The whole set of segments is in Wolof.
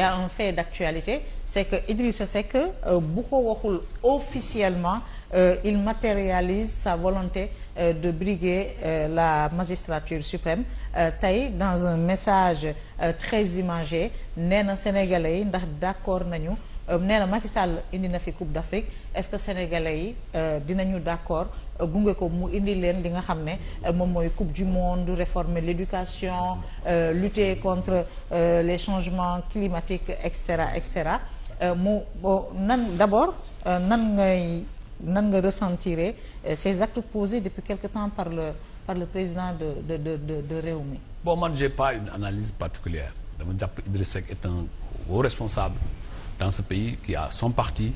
y a un fait d'actualité c'est que Idrissa Seck euh, bu ko waxul officiellement euh, il matérialise sa volonté euh, de briguer euh, la magistrature suprême euh, tey dans un message très imagé nee na sénégalais yi ndax d'accord nañu Euh, nee na Macky Sall indi na fi Coupe d'Afrique est-ce que sénégalais yi euh, dinañu d'accord euh, gunge ko mu indi leen li nga xam ne moom mooy Coupe du monde réformer l'éducation lutter contre les changements climatiques et cetera et cetera mu nan d'abord nan ngay nan nga ressentir ces actes posés depuis quelque temps par le par le président de de de de de Rewmi. bon man j'ai pas une analyse particulière dama jàpp Idriss Seck un haut responsable. dans ce pays qui a son parti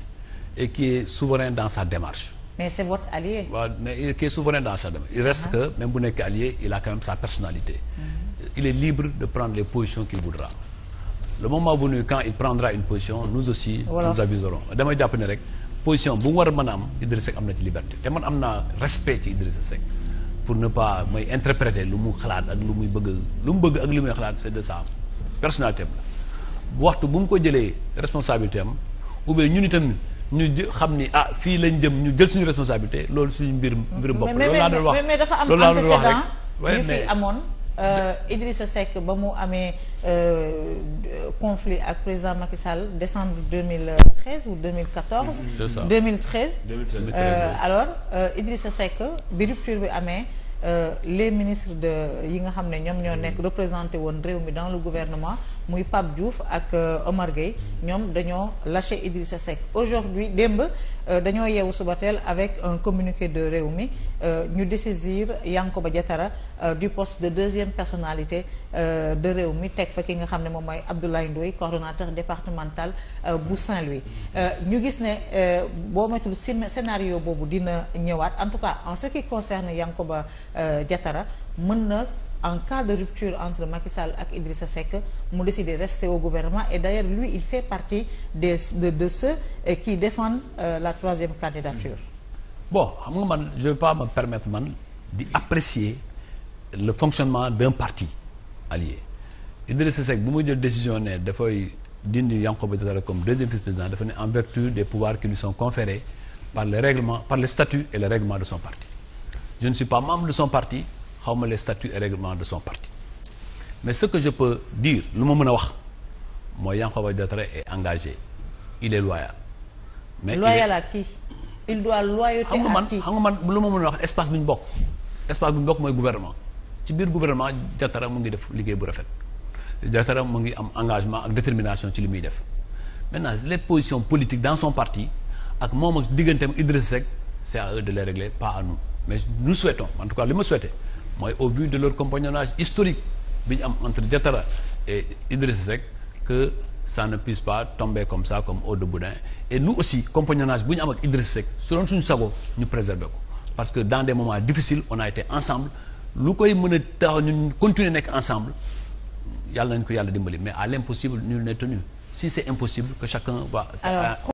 et qui est souverain dans sa démarche. mais c'est votre allié. waaw mais qui souverain dans sa démarche. il reste ah. que même bu nekk allié il a quand même sa personnalité. Mm-hmm. il est libre de prendre les positions qu'il voudra. le moment venu quand il prendra une position nous aussi. nous aviserons damay jàpp ne rek position bu mu war a mën a am am na ci liberté te man am na respect ci Idrissa Seck pour ne pas may interpréter lu mu xalaat ak lu muy bëgg lu mu bëgg ak li muy xalaat c'est sa personnalité waxtu bu mu ko jëlee responsabilité am ou bien ñun itam ñu xam ni ah fii lañ jëm ñu jël suñu responsabilité loolu suñu mbir mbirum bopp loolu laa doon wax mais dafa am antécédent ñu fi amoon euh, Idrissa Seck ba mu amee euh, conflit ak président Macky Sall décembre 2013 ou 2014 2013 mm, euh, alors Idrissa Seck bi rupture bi amee les ministres de yi nga xam ne ñoom ñoo nekk représenté woon réew mi dans le gouvernement muy Pape Diouf ak euh, Omar ñoom dañoo lâché Idrissa Seck aujourd'hui démb euh, dañoo yeewu suba teel avec un communiqué de réew Rewmi euh, ñu dessaisir Yankoba Diattara du poste de deuxième personnalité de réew mi teg fa ki nga xam ne moom mooy Abdoulaye Ndoye coordonnateur départemental bu Saint-Louis ñu gis ne boo moytul scénario boobu dina ñëwaat en tout cas en ce qui concerne ba jatara mën na en cas de rupture entre Macky Sall ak Idrissa Seck mu décider rester au gouvernement et d'ailleurs lui il fait partie des de de ceux euh, qui défendent euh, la troisième candidature. bon xam nga man je ne vais pas me permettre man di apprécier le fonctionnement d'un parti allié Idrissa Seck bu muy jël décision ne dafay dindi Yankhoba Diattara comme deuxième vice-président dafa ne en vertu des pouvoirs qui lui sont conférés par le règlement par le statut et le règlement de son parti de son parti. xaw ma les statuts et de son parti mais ce que je peux lu ma mën a wax mooy Yankhoba Diattara est engagé il est loyal. mais loyal à qui il doit loyauté à qui xam nga man lu ma mën a wax espace bi ñu bokk espace bi ñu bokk mooy gouvernement ci biir gouvernement Diattara mu ngi def liggéey bu rafet Diattara mu ngi am engagement ak détermination ci li muy def maintenant les positions politiques dans son parti ak moom ak digganteem Idrissa Seck c'est à eux de les régler pas à nous mais nous souhaitons en tout cas li ma souhaité mooy au vu de leur compagnonnage historique bi ñu am entre Diattara et rek Seck que ça ne puisse pas tomber comme ça comme eau de boudin et nous aussi compagnonnage bu ñu am ak Idriss Seck su doon suñu sago ñu préserver ko parce que dans des moments difficiles on a été ensemble lu koy mën a ñu ñun continuer nekk ensemble yàlla nañ ko yàlla dimbali mais à l'impossible nul n'est tenu si c'est impossible que chacun va